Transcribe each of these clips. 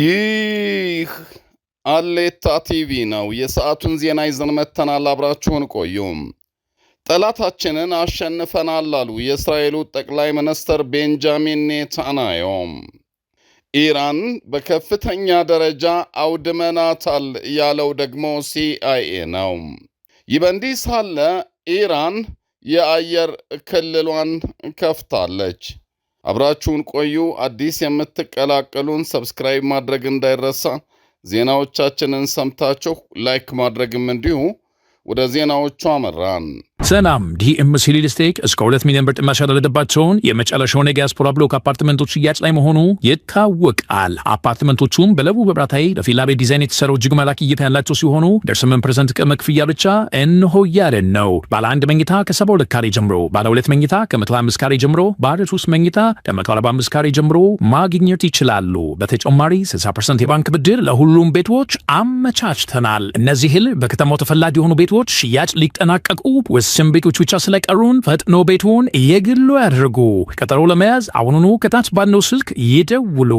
ይህ አሌታ ቲቪ ነው። የሰዓቱን ዜና ይዘን መጥተናል። አብራችሁን ቆዩ። ጠላታችንን አሸንፈናል አሉ የእስራኤሉ ጠቅላይ ሚኒስትር ቤንጃሚን ኔታንያሁ። ኢራን በከፍተኛ ደረጃ አውድመናታል ያለው ደግሞ ሲአይኤ ነው። ይህ በእንዲህ ሳለ ኢራን የአየር ክልሏን ከፍታለች። አብራችሁን ቆዩ። አዲስ የምትቀላቀሉን ሰብስክራይብ ማድረግ እንዳይረሳ፣ ዜናዎቻችንን ሰምታችሁ ላይክ ማድረግም እንዲሁ። ወደ ዜናዎቹ አመራን። ሰላም ዲኤምሲ ሪል ስቴት እስከ ሁለት ሚሊዮን ብር ጥማሽ ያደረገበት ሲሆን የመጨረሻው የዲያስፖራ ብሎክ አፓርትመንቶች ሽያጭ ላይ መሆኑ ይታወቃል። አፓርትመንቶቹም በለቡ በብራታዊ ለፊላ ቤት ዲዛይን የተሰራው እጅግ ማራኪ እይታ ያላቸው ሲሆኑ ደርስምን ፐርሰንት ቅድመ ክፍያ ብቻ እንሆ ያለን ነው። ባለ አንድ መኝታ ከ72 ካሬ ጀምሮ፣ ባለ ሁለት መኝታ ከ125 ካሬ ጀምሮ፣ ባለ ሶስት መኝታ ከ145 ካሬ ጀምሮ ማግኘት ይችላሉ። በተጨማሪ 60% የባንክ ብድር ለሁሉም ቤቶች አመቻችተናል። እነዚህል በከተማው ተፈላጊ የሆኑ ቤቶች ሽያጭ ሊጠናቀቁ ውስን ቤቶች ብቻ ስለቀሩን ፈጥኖ ቤቱን የግሉ ያድርጉ። ቀጠሮ ለመያዝ አሁኑኑ ከታች ባለው ስልክ ይደውሉ።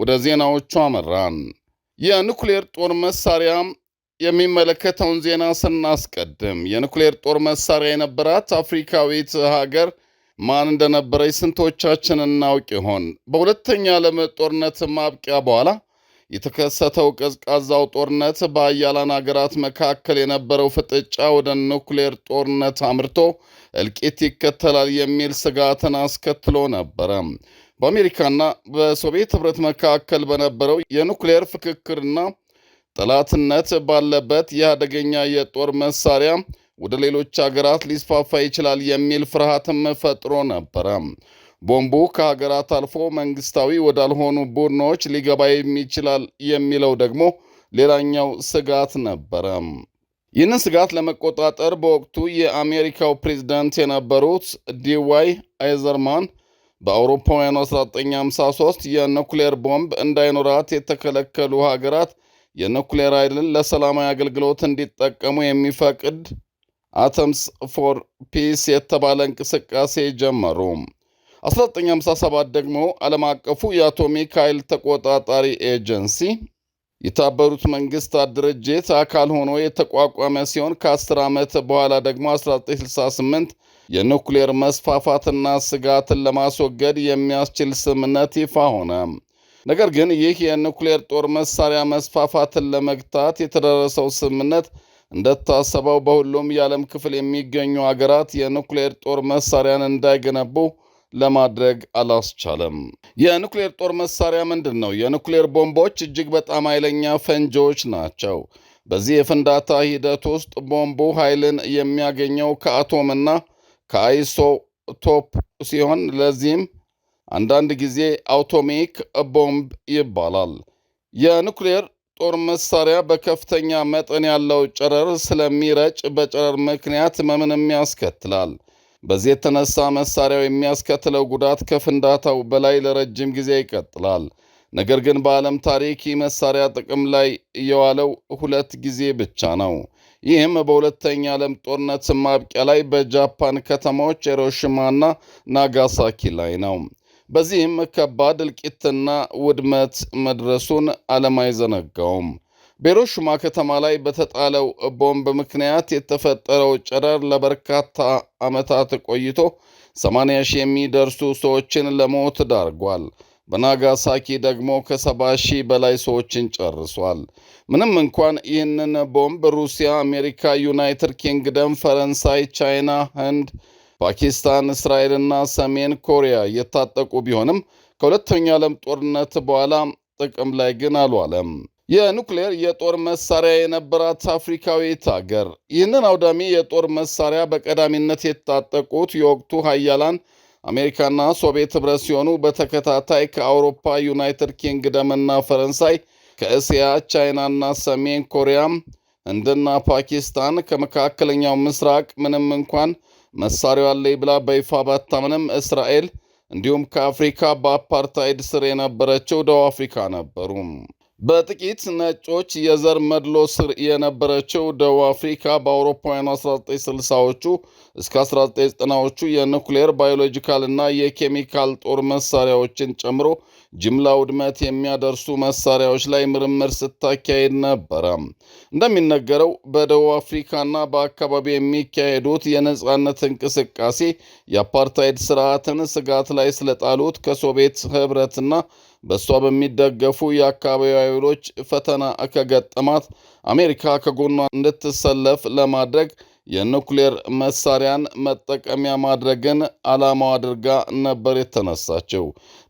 ወደ ዜናዎቹ አመራን። የኒኩሌር ጦር መሳሪያ የሚመለከተውን ዜና ስናስቀድም የኒኩሌር ጦር መሳሪያ የነበራት አፍሪካዊት ሀገር ማን እንደነበረች ስንቶቻችን እናውቅ ይሆን? በሁለተኛ ዓለም ጦርነት ማብቂያ በኋላ የተከሰተው ቀዝቃዛው ጦርነት በአያላን አገራት መካከል የነበረው ፍጥጫ ወደ ኑክሌር ጦርነት አምርቶ እልቂት ይከተላል የሚል ስጋትን አስከትሎ ነበረ። በአሜሪካና በሶቪየት ኅብረት መካከል በነበረው የኑክሌር ፍክክርና ጠላትነት ባለበት የአደገኛ የጦር መሳሪያ ወደ ሌሎች አገራት ሊስፋፋ ይችላል የሚል ፍርሃትም ፈጥሮ ነበረ። ቦምቡ ከሀገራት አልፎ መንግስታዊ ወዳልሆኑ ቡድኖች ሊገባ ይችላል የሚለው ደግሞ ሌላኛው ስጋት ነበረ። ይህንን ስጋት ለመቆጣጠር በወቅቱ የአሜሪካው ፕሬዝዳንት የነበሩት ዲዋይ አይዘርማን በአውሮፓውያኑ 1953 የኑክሌር ቦምብ እንዳይኖራት የተከለከሉ ሀገራት የኑክሌር ኃይልን ለሰላማዊ አገልግሎት እንዲጠቀሙ የሚፈቅድ አተምስ ፎር ፒስ የተባለ እንቅስቃሴ ጀመሩ። 1957 ደግሞ ዓለም አቀፉ የአቶሚክ ኃይል ተቆጣጣሪ ኤጀንሲ የተባበሩት መንግስታት ድርጅት አካል ሆኖ የተቋቋመ ሲሆን ከ10 ዓመት በኋላ ደግሞ 1968 የኑክሌር መስፋፋትና ስጋትን ለማስወገድ የሚያስችል ስምምነት ይፋ ሆነ። ነገር ግን ይህ የኑክሌር ጦር መሳሪያ መስፋፋትን ለመግታት የተደረሰው ስምምነት እንደታሰበው በሁሉም የዓለም ክፍል የሚገኙ አገራት የኑክሌር ጦር መሳሪያን እንዳይገነቡ ለማድረግ አላስቻለም። የኑክሌር ጦር መሳሪያ ምንድን ነው? የኑክሌር ቦምቦች እጅግ በጣም ኃይለኛ ፈንጂዎች ናቸው። በዚህ የፍንዳታ ሂደት ውስጥ ቦምቡ ኃይልን የሚያገኘው ከአቶምና ከአይሶቶፕ ሲሆን ለዚህም አንዳንድ ጊዜ አውቶሚክ ቦምብ ይባላል። የኑክሌር ጦር መሳሪያ በከፍተኛ መጠን ያለው ጨረር ስለሚረጭ በጨረር ምክንያት ሕመምንም ያስከትላል። በዚህ የተነሳ መሳሪያው የሚያስከትለው ጉዳት ከፍንዳታው በላይ ለረጅም ጊዜ ይቀጥላል። ነገር ግን በዓለም ታሪክ ይህ መሳሪያ ጥቅም ላይ የዋለው ሁለት ጊዜ ብቻ ነው። ይህም በሁለተኛ ዓለም ጦርነት ማብቂያ ላይ በጃፓን ከተማዎች ሂሮሺማና ናጋሳኪ ላይ ነው። በዚህም ከባድ እልቂትና ውድመት መድረሱን ዓለም አይዘነጋውም። በሂሮሺማ ከተማ ላይ በተጣለው ቦምብ ምክንያት የተፈጠረው ጨረር ለበርካታ ዓመታት ቆይቶ 80 ሺህ የሚደርሱ ሰዎችን ለሞት ዳርጓል። በናጋሳኪ ደግሞ ከ 7 ሺህ በላይ ሰዎችን ጨርሷል። ምንም እንኳን ይህንን ቦምብ ሩሲያ፣ አሜሪካ፣ ዩናይትድ ኪንግደም፣ ፈረንሳይ፣ ቻይና፣ ህንድ፣ ፓኪስታን፣ እስራኤልና ሰሜን ኮሪያ እየታጠቁ ቢሆንም ከሁለተኛው ዓለም ጦርነት በኋላ ጥቅም ላይ ግን አልዋለም። የኑክሌር የጦር መሳሪያ የነበራት አፍሪካዊት አገር። ይህንን አውዳሚ የጦር መሳሪያ በቀዳሚነት የታጠቁት የወቅቱ ሀያላን አሜሪካና ሶቪየት ኅብረት ሲሆኑ በተከታታይ ከአውሮፓ ዩናይትድ ኪንግደምና ፈረንሳይ፣ ከእስያ ቻይናና ሰሜን ኮሪያም ህንድና ፓኪስታን ከመካከለኛው ምስራቅ ምንም እንኳን መሳሪያው አለኝ ብላ በይፋ ባታምንም እስራኤል እንዲሁም ከአፍሪካ በአፓርታይድ ስር የነበረችው ደቡብ አፍሪካ ነበሩ። በጥቂት ነጮች የዘር መድሎ ስር የነበረችው ደቡብ አፍሪካ በአውሮፓውያኑ 1960ዎቹ እስከ 1990ዎቹ የኑክሌር እና የኬሚካል ጦር መሳሪያዎችን ጨምሮ ጅምላ ውድመት የሚያደርሱ መሳሪያዎች ላይ ምርምር ስታካሄድ ነበረ። እንደሚነገረው በደቡብ አፍሪካና በአካባቢ የሚካሄዱት የነጻነት እንቅስቃሴ የአፓርታይድ ስርዓትን ስጋት ላይ ስለጣሉት ከሶቪየት ህብረትና በእሷ በሚደገፉ የአካባቢ ኃይሎች ፈተና ከገጠማት አሜሪካ ከጎኗ እንድትሰለፍ ለማድረግ የኑክሌር መሳሪያን መጠቀሚያ ማድረግን ዓላማው አድርጋ ነበር የተነሳቸው።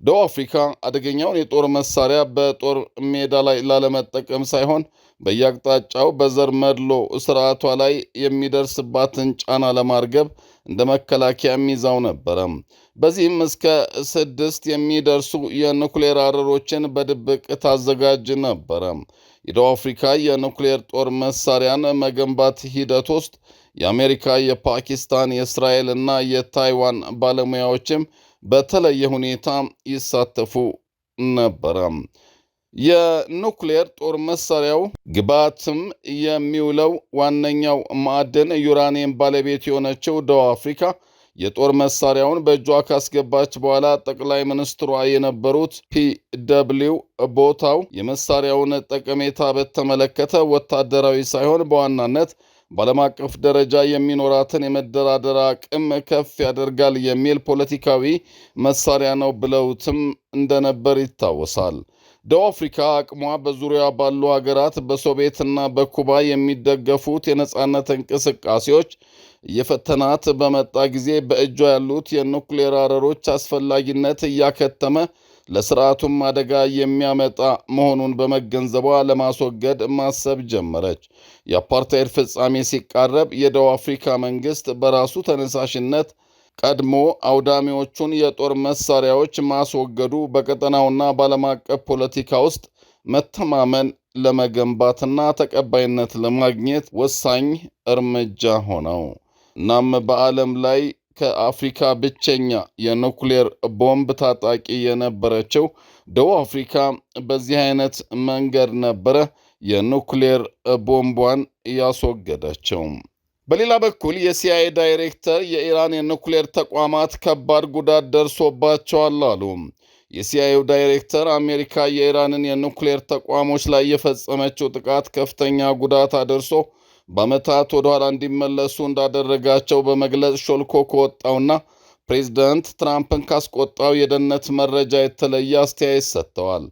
ደቡብ አፍሪካ አደገኛውን የጦር መሳሪያ በጦር ሜዳ ላይ ላለመጠቀም ሳይሆን በየአቅጣጫው በዘር መድሎ ስርዓቷ ላይ የሚደርስባትን ጫና ለማርገብ እንደ መከላከያ ሚዛው ነበረ። በዚህም እስከ ስድስት የሚደርሱ የኑክሌር አረሮችን በድብቅ ታዘጋጅ ነበረ። የደቡብ አፍሪካ የኑክሌር ጦር መሳሪያን መገንባት ሂደት ውስጥ የአሜሪካ፣ የፓኪስታን፣ የእስራኤል እና የታይዋን ባለሙያዎችም በተለየ ሁኔታ ይሳተፉ ነበረ። የኑክሌር ጦር መሳሪያው ግብዓትም የሚውለው ዋነኛው ማዕድን ዩራኒየም ባለቤት የሆነችው ደቡብ አፍሪካ የጦር መሳሪያውን በእጇ ካስገባች በኋላ ጠቅላይ ሚኒስትሯ የነበሩት ፒ ደብሊው ቦታው የመሳሪያውን ጠቀሜታ በተመለከተ ወታደራዊ ሳይሆን በዋናነት በዓለም አቀፍ ደረጃ የሚኖራትን የመደራደር አቅም ከፍ ያደርጋል የሚል ፖለቲካዊ መሳሪያ ነው ብለውትም እንደነበር ይታወሳል። ደቡብ አፍሪካ አቅሟ በዙሪያ ባሉ ሀገራት በሶቪየትና በኩባ የሚደገፉት የነጻነት እንቅስቃሴዎች እየፈተናት በመጣ ጊዜ በእጇ ያሉት የኑክሌር አረሮች አስፈላጊነት እያከተመ ለስርዓቱም አደጋ የሚያመጣ መሆኑን በመገንዘቧ ለማስወገድ ማሰብ ጀመረች። የአፓርታይድ ፍጻሜ ሲቃረብ የደቡብ አፍሪካ መንግሥት በራሱ ተነሳሽነት ቀድሞ አውዳሚዎቹን የጦር መሳሪያዎች ማስወገዱ በቀጠናውና በዓለም አቀፍ ፖለቲካ ውስጥ መተማመን ለመገንባትና ተቀባይነት ለማግኘት ወሳኝ እርምጃ ሆነው እናም በዓለም ላይ ከአፍሪካ ብቸኛ የኑክሌር ቦምብ ታጣቂ የነበረችው ደቡብ አፍሪካ በዚህ አይነት መንገድ ነበረ የኑክሌር ቦምቧን ያስወገደችው። በሌላ በኩል የሲአይኤ ዳይሬክተር የኢራን የኑክሌር ተቋማት ከባድ ጉዳት ደርሶባቸዋል አሉ። የሲአይኤው ዳይሬክተር አሜሪካ የኢራንን የኑክሌር ተቋሞች ላይ የፈጸመችው ጥቃት ከፍተኛ ጉዳት አደርሶ በዓመታት ወደኋላ እንዲመለሱ እንዳደረጋቸው በመግለጽ ሾልኮ ከወጣውና ፕሬዚደንት ትራምፕን ካስቆጣው የደህንነት መረጃ የተለየ አስተያየት ሰጥተዋል።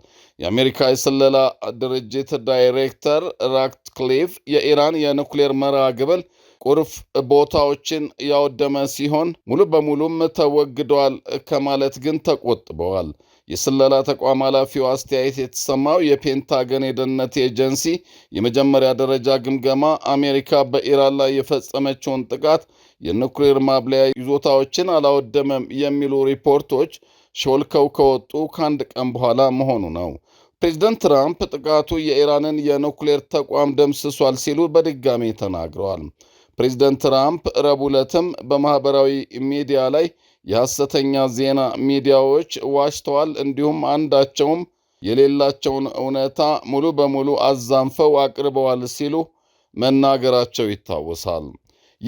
የአሜሪካ የስለላ ድርጅት ዳይሬክተር ራትክሊፍ የኢራን የኑክሌር መርሃ ግብር ቁልፍ ቦታዎችን ያወደመ ሲሆን ሙሉ በሙሉም ተወግደዋል ከማለት ግን ተቆጥበዋል። የስለላ ተቋም ኃላፊው አስተያየት የተሰማው የፔንታገን የደህንነት ኤጀንሲ የመጀመሪያ ደረጃ ግምገማ አሜሪካ በኢራን ላይ የፈጸመችውን ጥቃት የኑክሌር ማብለያ ይዞታዎችን አላወደመም የሚሉ ሪፖርቶች ሾልከው ከወጡ ከአንድ ቀን በኋላ መሆኑ ነው። ፕሬዚደንት ትራምፕ ጥቃቱ የኢራንን የኑክሌር ተቋም ደምስሷል ሲሉ በድጋሜ ተናግረዋል። ፕሬዚደንት ትራምፕ ረቡዕ ዕለትም በማኅበራዊ ሚዲያ ላይ የሐሰተኛ ዜና ሚዲያዎች ዋሽተዋል፣ እንዲሁም አንዳቸውም የሌላቸውን እውነታ ሙሉ በሙሉ አዛንፈው አቅርበዋል ሲሉ መናገራቸው ይታወሳል።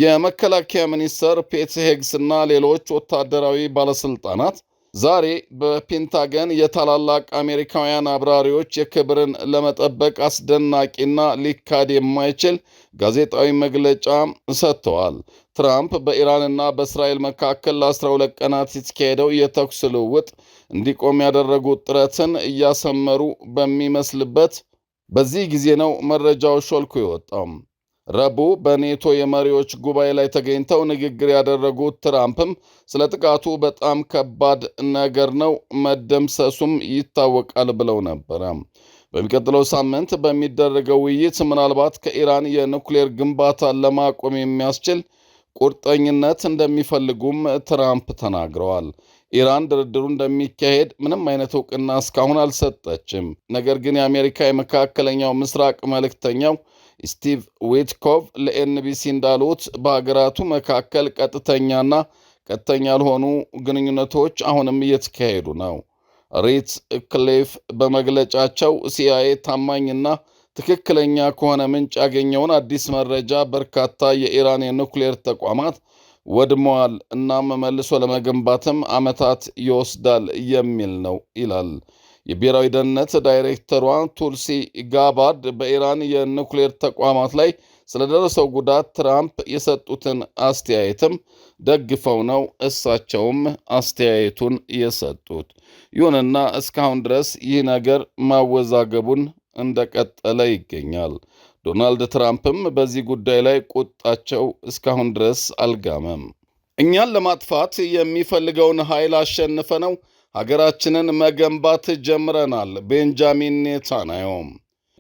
የመከላከያ ሚኒስተር ፔት እና ሌሎች ወታደራዊ ባለሥልጣናት ዛሬ በፔንታገን የታላላቅ አሜሪካውያን አብራሪዎች የክብርን ለመጠበቅ አስደናቂና ሊካድ የማይችል ጋዜጣዊ መግለጫ ሰጥተዋል። ትራምፕ በኢራንና በእስራኤል መካከል ለ12 ቀናት የተካሄደው የተኩስ ልውውጥ እንዲቆም ያደረጉት ጥረትን እያሰመሩ በሚመስልበት በዚህ ጊዜ ነው መረጃው ሾልኮ የወጣው። ረቡዕ በኔቶ የመሪዎች ጉባኤ ላይ ተገኝተው ንግግር ያደረጉት ትራምፕም ስለ ጥቃቱ በጣም ከባድ ነገር ነው፣ መደምሰሱም ይታወቃል ብለው ነበረ። በሚቀጥለው ሳምንት በሚደረገው ውይይት ምናልባት ከኢራን የኑክሌር ግንባታ ለማቆም የሚያስችል ቁርጠኝነት እንደሚፈልጉም ትራምፕ ተናግረዋል። ኢራን ድርድሩ እንደሚካሄድ ምንም አይነት እውቅና እስካሁን አልሰጠችም። ነገር ግን የአሜሪካ የመካከለኛው ምስራቅ መልእክተኛው ስቲቭ ዊትኮቭ ለኤንቢሲ እንዳሉት በሀገራቱ መካከል ቀጥተኛና ቀጥተኛ ያልሆኑ ግንኙነቶች አሁንም እየተካሄዱ ነው። ሪት ክሊፍ በመግለጫቸው ሲአይኤ ታማኝና ትክክለኛ ከሆነ ምንጭ ያገኘውን አዲስ መረጃ በርካታ የኢራን የኑክሌር ተቋማት ወድመዋል፣ እናም መልሶ ለመገንባትም ዓመታት ይወስዳል የሚል ነው ይላል። የብሔራዊ ደህንነት ዳይሬክተሯ ቱልሲ ጋባርድ በኢራን የኑክሌር ተቋማት ላይ ስለደረሰው ጉዳት ትራምፕ የሰጡትን አስተያየትም ደግፈው ነው እሳቸውም አስተያየቱን የሰጡት። ይሁንና እስካሁን ድረስ ይህ ነገር ማወዛገቡን እንደቀጠለ ይገኛል። ዶናልድ ትራምፕም በዚህ ጉዳይ ላይ ቁጣቸው እስካሁን ድረስ አልጋመም። እኛን ለማጥፋት የሚፈልገውን ኃይል አሸንፈ ነው ሀገራችንን መገንባት ጀምረናል። ቤንጃሚን ኔታንያሁም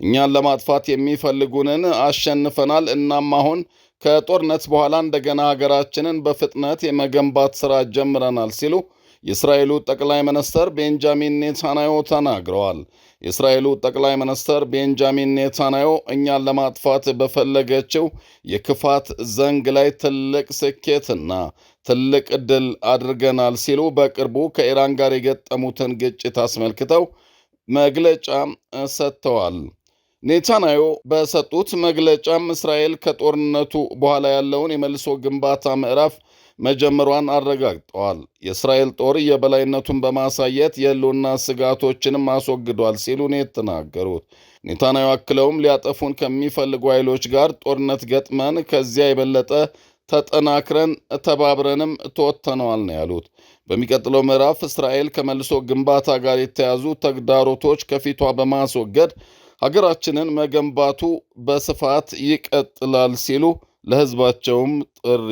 እኛን ለማጥፋት የሚፈልጉንን አሸንፈናል። እናም አሁን ከጦርነት በኋላ እንደገና ሀገራችንን በፍጥነት የመገንባት ሥራ ጀምረናል ሲሉ የእስራኤሉ ጠቅላይ ሚኒስትር ቤንጃሚን ኔታንያሁ ተናግረዋል። የእስራኤሉ ጠቅላይ ሚኒስትር ቤንጃሚን ኔታንያሁ እኛን ለማጥፋት በፈለገችው የክፋት ዘንግ ላይ ትልቅ ስኬትና ትልቅ ድል አድርገናል ሲሉ በቅርቡ ከኢራን ጋር የገጠሙትን ግጭት አስመልክተው መግለጫ ሰጥተዋል። ኔታንያሁ በሰጡት መግለጫም እስራኤል ከጦርነቱ በኋላ ያለውን የመልሶ ግንባታ ምዕራፍ መጀመሯን አረጋግጠዋል። የእስራኤል ጦር የበላይነቱን በማሳየት የሕልውና ስጋቶችንም አስወግዷል ሲሉ ነው የተናገሩት። ኔታንያሁ አክለውም ሊያጠፉን ከሚፈልጉ ኃይሎች ጋር ጦርነት ገጥመን ከዚያ የበለጠ ተጠናክረን ተባብረንም ተወጥተነዋል ነው ያሉት። በሚቀጥለው ምዕራፍ እስራኤል ከመልሶ ግንባታ ጋር የተያዙ ተግዳሮቶች ከፊቷ በማስወገድ ሀገራችንን መገንባቱ በስፋት ይቀጥላል ሲሉ ለህዝባቸውም ጥሪ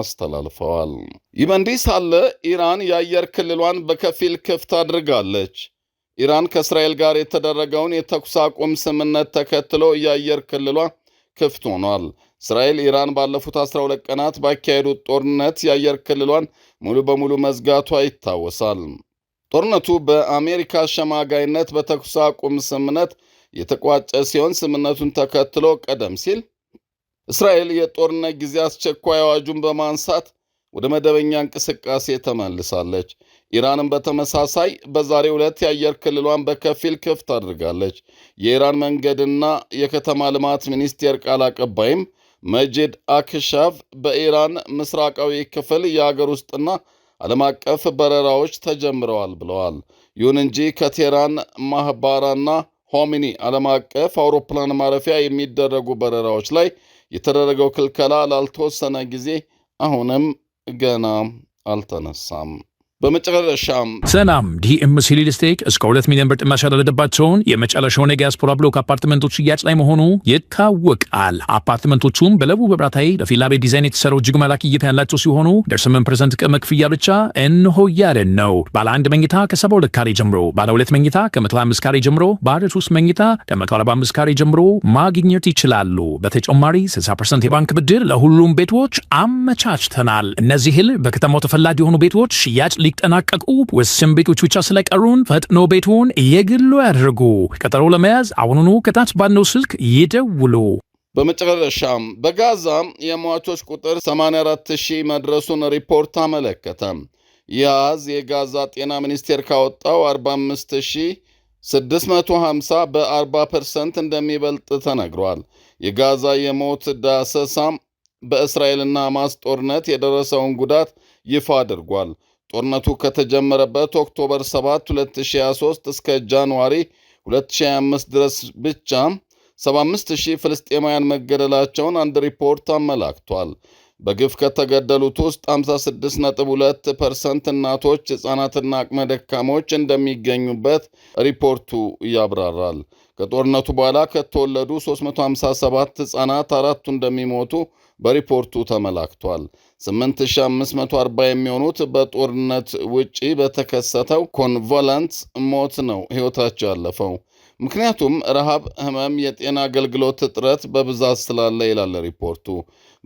አስተላልፈዋል። ይህ በእንዲህ ሳለ ኢራን የአየር ክልሏን በከፊል ክፍት አድርጋለች። ኢራን ከእስራኤል ጋር የተደረገውን የተኩስ አቁም ስምነት ተከትሎ የአየር ክልሏ ክፍት ሆኗል። እስራኤል ኢራን ባለፉት 12 ቀናት ባካሄዱት ጦርነት የአየር ክልሏን ሙሉ በሙሉ መዝጋቷ ይታወሳል። ጦርነቱ በአሜሪካ አሸማጋይነት በተኩስ አቁም ስምነት የተቋጨ ሲሆን ስምነቱን ተከትሎ ቀደም ሲል እስራኤል የጦርነት ጊዜ አስቸኳይ አዋጁን በማንሳት ወደ መደበኛ እንቅስቃሴ ተመልሳለች። ኢራንም በተመሳሳይ በዛሬው ዕለት የአየር ክልሏን በከፊል ክፍት አድርጋለች። የኢራን መንገድና የከተማ ልማት ሚኒስቴር ቃል አቀባይም መጅድ አክሻቭ በኢራን ምስራቃዊ ክፍል የአገር ውስጥና ዓለም አቀፍ በረራዎች ተጀምረዋል ብለዋል። ይሁን እንጂ ከቴህራን ማህባራና ሆሚኒ ዓለም አቀፍ አውሮፕላን ማረፊያ የሚደረጉ በረራዎች ላይ የተደረገው ክልከላ ላልተወሰነ ጊዜ አሁንም ገና አልተነሳም። በመጨረሻም ሰላም ዲኤምሲ ሪል ስቴት እስከ ሁለት ሚሊዮን ብር ጥማሽ ያደረገበት ሲሆን የመጨረሻውን የዲያስፖራ ብሎክ አፓርትመንቶች ሽያጭ ላይ መሆኑ ይታወቃል። አፓርትመንቶቹም በለቡ በብራታዊ ለፊላ ቤት ዲዛይን የተሰሩ እጅግ መላክ እይታ ያላቸው ሲሆኑ ከ8 ፐርሰንት ቅድመ ክፍያ ብቻ እንሆ ያለን ነው። ባለ አንድ መኝታ ከሰባ ሁለት ካሬ ጀምሮ፣ ባለ ሁለት መኝታ ከመቶ አምስት ካሬ ጀምሮ፣ ባለ ሶስት መኝታ አርባ አምስት ካሬ ጀምሮ ማግኘት ይችላሉ። በተጨማሪ ስልሳ ፐርሰንት የባንክ ብድር ለሁሉም ቤቶች አመቻችተናል። እነዚህል በከተማው ተፈላጊ የሆኑ ቤቶች ሽያጭ ሊ የሚጠናቀቁ ውስን ቤቶች ብቻ ስለቀሩን ፈጥኖ ቤቱን የግሉ ያድርጉ። ቀጠሮ ለመያዝ አሁኑኑ ከታች ባለው ስልክ ይደውሉ። በመጨረሻም በጋዛ የሟቾች ቁጥር 84000 መድረሱን ሪፖርት አመለከተ። ያዝ የጋዛ ጤና ሚኒስቴር ካወጣው 650 በ40 ፐርሰንት እንደሚበልጥ ተነግሯል። የጋዛ የሞት ዳሰሳ በእስራኤልና ሐማስ ጦርነት የደረሰውን ጉዳት ይፋ አድርጓል። ጦርነቱ ከተጀመረበት ኦክቶበር 7 2023 እስከ ጃንዋሪ 2025 ድረስ ብቻ 75000 ፍልስጤማውያን መገደላቸውን አንድ ሪፖርት አመላክቷል። በግፍ ከተገደሉት ውስጥ 56.2 ፐርሰንት እናቶች፣ ሕፃናትና አቅመ ደካሞች እንደሚገኙበት ሪፖርቱ ያብራራል። ከጦርነቱ በኋላ ከተወለዱ 357 ሕፃናት አራቱ እንደሚሞቱ በሪፖርቱ ተመላክቷል። 8540 የሚሆኑት በጦርነት ውጪ በተከሰተው ኮንቮላንት ሞት ነው ሕይወታቸው ያለፈው። ምክንያቱም ረሃብ፣ ህመም፣ የጤና አገልግሎት እጥረት በብዛት ስላለ ይላል ሪፖርቱ።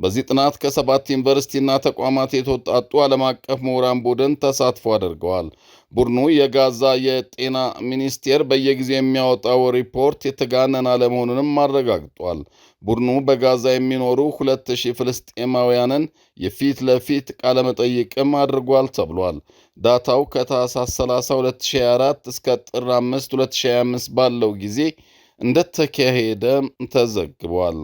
በዚህ ጥናት ከሰባት ዩኒቨርሲቲና ተቋማት የተወጣጡ ዓለም አቀፍ ምሁራን ቡድን ተሳትፎ አድርገዋል። ቡድኑ የጋዛ የጤና ሚኒስቴር በየጊዜው የሚያወጣው ሪፖርት የተጋነን አለመሆኑንም አረጋግጧል። ቡድኑ በጋዛ የሚኖሩ ሁለት ሺህ ፍልስጤማውያንን የፊት ለፊት ቃለመጠይቅም አድርጓል ተብሏል። ዳታው ከታህሳስ 30 2024 እስከ ጥር 5 2025 ባለው ጊዜ እንደተካሄደ ተዘግቧል።